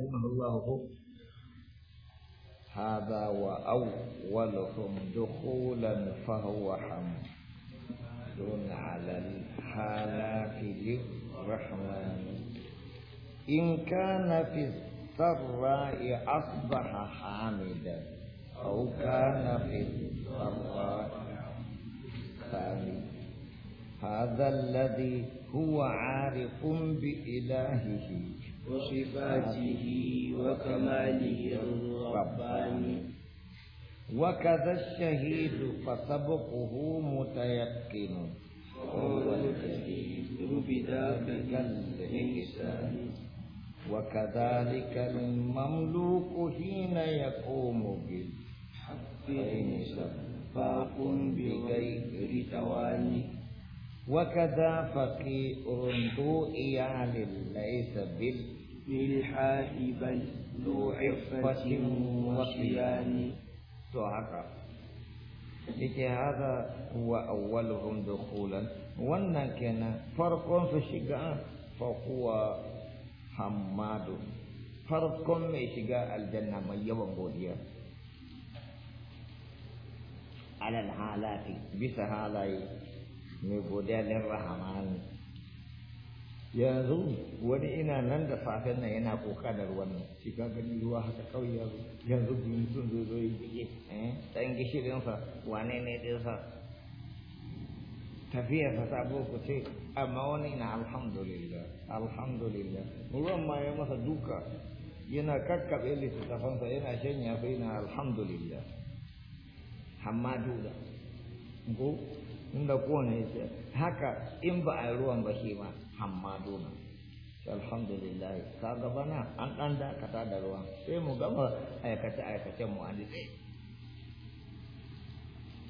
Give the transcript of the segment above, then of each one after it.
رحمه الله هذا وأولهم دخولا فهو حمد على الحالات للرحمن إن كان في السراء أصبح حامدا أو كان في السراء ثاني هذا الذي هو عارف بإلهه وصفاته وكماله الرباني وكذا الشهيد فسبقه متيقن وهو الكثير بذاك الإنسان وكذلك المملوك حين يقوم بالحق سفاق بغير تواني وكذا فقير ذو إيال ليس بالإنسان ملحا إبا ذو عفة وصيان تعرف لكي هذا هو أولهم دخولا وانا كان فرق في الشجاعة فهو حماد فرق في الشقاء الجنة ما يبغوليا على الحالات بس هذا يبغوليا للرحمن yanzu wani ina nan da safen nan yana kuka da ruwan nan shi ka gani ruwa haka kawai ya yanzu mutum sun zo yi bige eh, ɗan gishirinsa wane ne ɗinsa tafiya ta sabo ku ce amma wani na alhamdulillah alhamdulillah ruwan ma ya masa duka yana kakkaɓe littattafansa yana shanya sai na alhamdulillah hamadu da ko inda kowane ya ce haka in ba a ruwan ba shi ma amma dole alhamdulillah ka bana an ɗan dakata da ruwa sai mu gama aikace aikacen mu a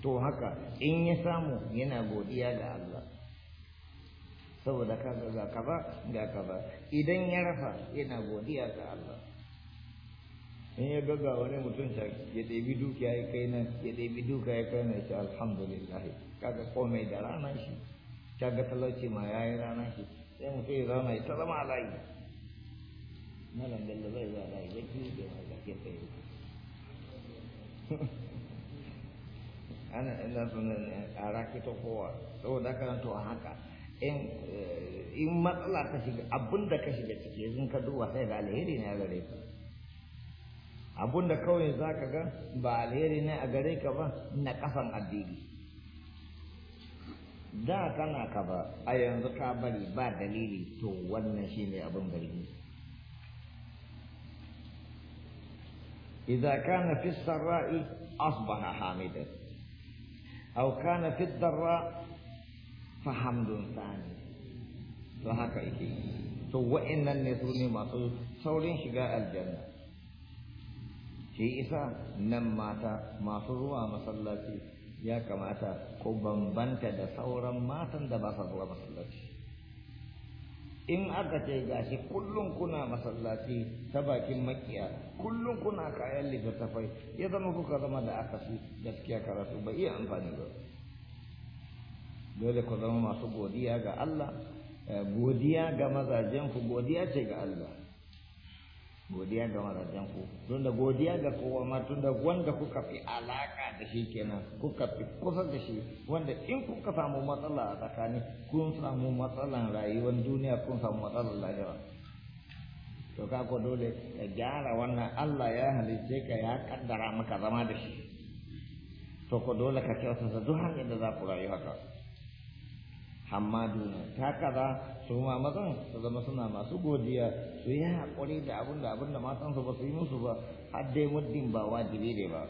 to haka in ya samu yana godiya ga Allah saboda kaga ga kaba ga kaba idan ya rafa yana godiya ga Allah in ya gaga wani mutum ta ya ɗebi dukiya ya kai nan ya ɗebi dukiya ya kai nan ya ce alhamdulillah kaga komai da ranar shi kaga talauci ma ya yi rana shi sai mu ya zama ya ta zama a layi malam bello bai zuwa layi ya ki da ma zafi ta yi ana ina suna a ta kowa saboda haka nan to haka eh, in matsala ta shiga abin da ka shiga ciki yanzu ka duba sai da alheri ne a gare ka abin da kawai za ka ga ba alheri ne a gare ka ba na kasan addini da kana ka ba a yanzu ka bari ba dalili to wannan shi ne abin zargi idza kana fi sarra'i asbaha hamidan aw kana fi darra fa hamdun sani, to haka yake to wa'annan ne su ne masu saurin shiga aljanna shi isa nan mata masu ruwa masallaci ya kamata ko bambanta da sauran matan da ba sa zuwa masallaci in aka ce gashi kullum kuna masallaci ta bakin makiya kullum kuna kayan littattafai ya zama kuka zama da aka akasi gaskiya karatu ba iya amfani ba dole ku zama masu godiya ga Allah eh, godiya ga mazajen ku godiya ce ga Allah godiya ga mazajen ku don da godiya ga kowa ma tun da wanda kuka fi alaka da shi kenan kuka fi kusa da shi wanda in kuka samu matsala a tsakani kun samu matsalan rayuwar duniya kun samu matsalan lahira to ka ko dole ka gyara wannan Allah ya halice ka ya kaddara maka zama da shi to ko dole ka kyautata duk hanyar da za ku rayu haka hammaduna ta kaza su ma mazan su zama suna masu godiya su yi haƙuri da abin da abin da ba su yi musu ba har dai muddin ba wajibi ne ba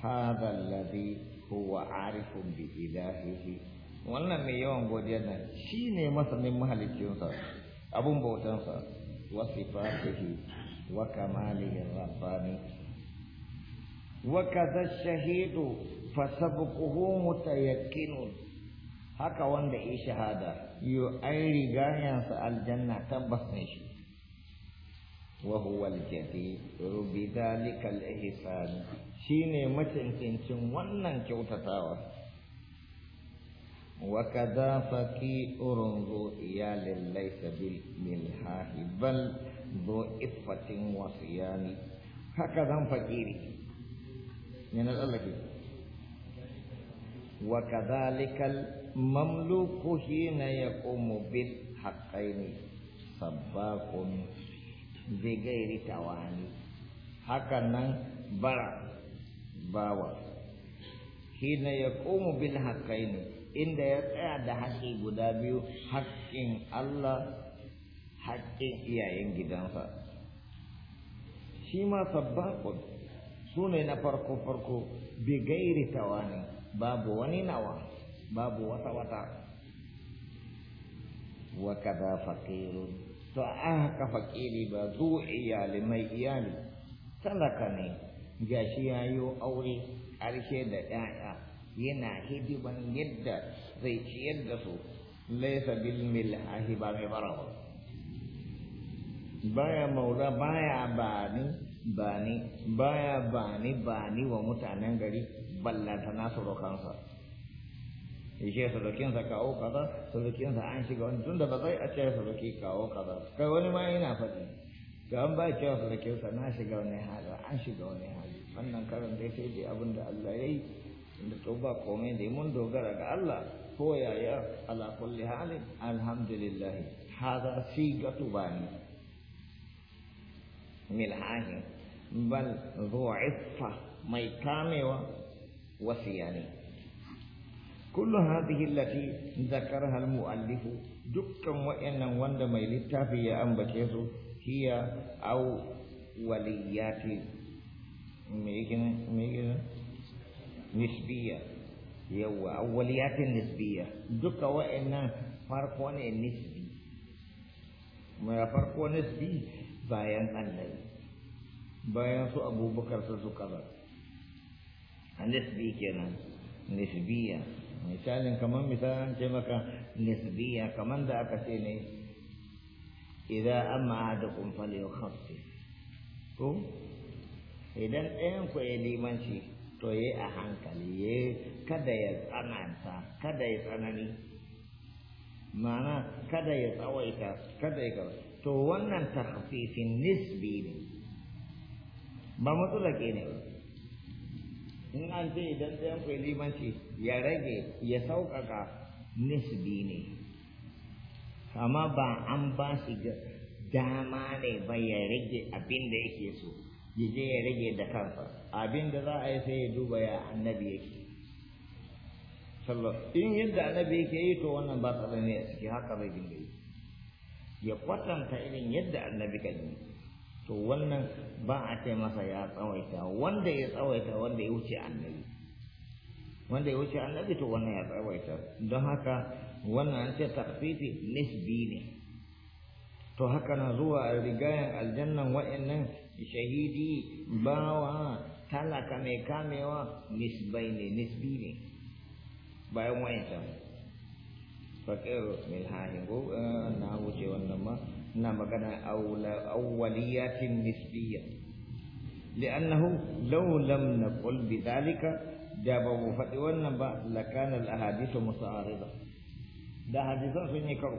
هذا الذي هو عارف بإلهه wannan mai yawan godiya nan shi ne masanin mahalicinsa abun bautansa wa sifatihi wa kamalihi rabbani وكذا الشهيد فسبقه متيقن haka wanda ya shahada yo ai rigayansa aljanna tabbas ne shi wa huwa al-jati rubi dhalika shine macincincin wannan kyautatawa wa kadha faqi'urun iyalin laysa bil milhahi bal zu iffatin wasiyani haka zan fakiri ne na tsallake wa kadhalikal mamluku hina ya umu bil haƙƙaini sabbakun bigairi tawani haka nan bara bawa hina ya umu bil haƙƙaini inda ya tsaya da haƙƙi guda biyu haƙƙin Allah haƙƙin iyayen gidansa shi ma sabbakun su ne na farko farko bi gairi tawani babu wani nawa babu wata wata wa kada faƙiru to a haka faƙiri ba zu iyali mai iyali talaka ne gashi yayo aure ƙarshe da 'ya'ya yana hidiban yadda zai ciyar da su laisa bil ahi ba mai barawa baya maula baya bani bani baya bani bani wa mutanen gari ballata na rokansa yake kinsa kawo kaza kinsa an shiga wani tunda ba zai a ce suruki kawo kaza kai wani ma yana faɗi ga an ba cewa surukinsa na shiga wani hali an shiga wani hali wannan karin dai sai dai abin da Allah ya yi tunda to ba komai dai mun dogara ga Allah ko yaya ala kulli halin alhamdulillah hada sigatu bani ملعاه بل ذو عفة ميكامة وسياني كل هذه التي ذكرها المؤلف دكا وإن وند ميلتا في أنبتيزو هي أو وليات ميجن ميجن نسبية يو أوليات نسبية دكا وإن فرق نسبي ما فرق نسبي bayan annabi bayan su abubakar su su kaza nisbi kenan nisbiya misalin kamar misalin ce maka nisbiya kamar da aka ce ne idan an ma'adakun falewa hafi ko idan ɗayan ku ya limanci to yi a hankali ya kada ya tsananta kada ya tsanani ma'ana kada ya tsawaita kada ya gaba to wannan takhfifin nisbi ne ba ke ne in an ce idan ɗayan ku limanci ya rage ya sauƙaƙa nisbi ne amma ba an ba shi dama ne ba ya rage abin da yake so ya je ya rage da kansa abin da za a yi sai ya duba ya annabi yake in yadda annabi yake yi to wannan ba tsada ne a ciki haka bai dinga yi ya kwatanta irin yadda annabi kan yi to wannan ba a ce masa ya tsawaita wanda ya tsawaita wanda ya wuce annabi wanda ya wuce annabi to wannan ya tsawaita don haka wannan an ce tarfifi nisbi ne to haka na zuwa rigayen aljannan wa'annan shahidi bawa talaka mai kamewa nisbai ne nisbi ne bayan wa'ancan فقر بالهاء ناوجي وانما نما أولى اوليات نسبيه لانه لو لم نقل بذلك جاب ابو فتي لكان الاحاديث متعارضه ده حديث في نكرو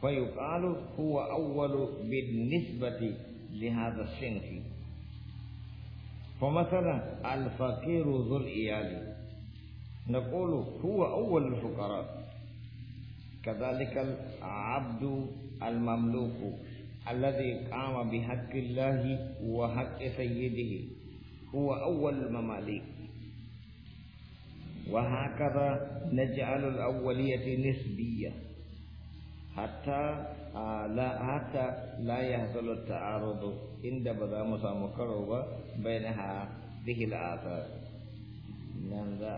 فيقال هو اول بالنسبه لهذا الشنف فمثلا الفقير ذو الإيالي نقول هو أول الفقراء كذلك العبد المملوك الذي قام بحق الله وحق سيده هو أول المماليك وهكذا نجعل الأولية نسبية حتى آه، لا حتى لا يحصل التعارض عند بدا مسامكر بينها هذه الآثار nanga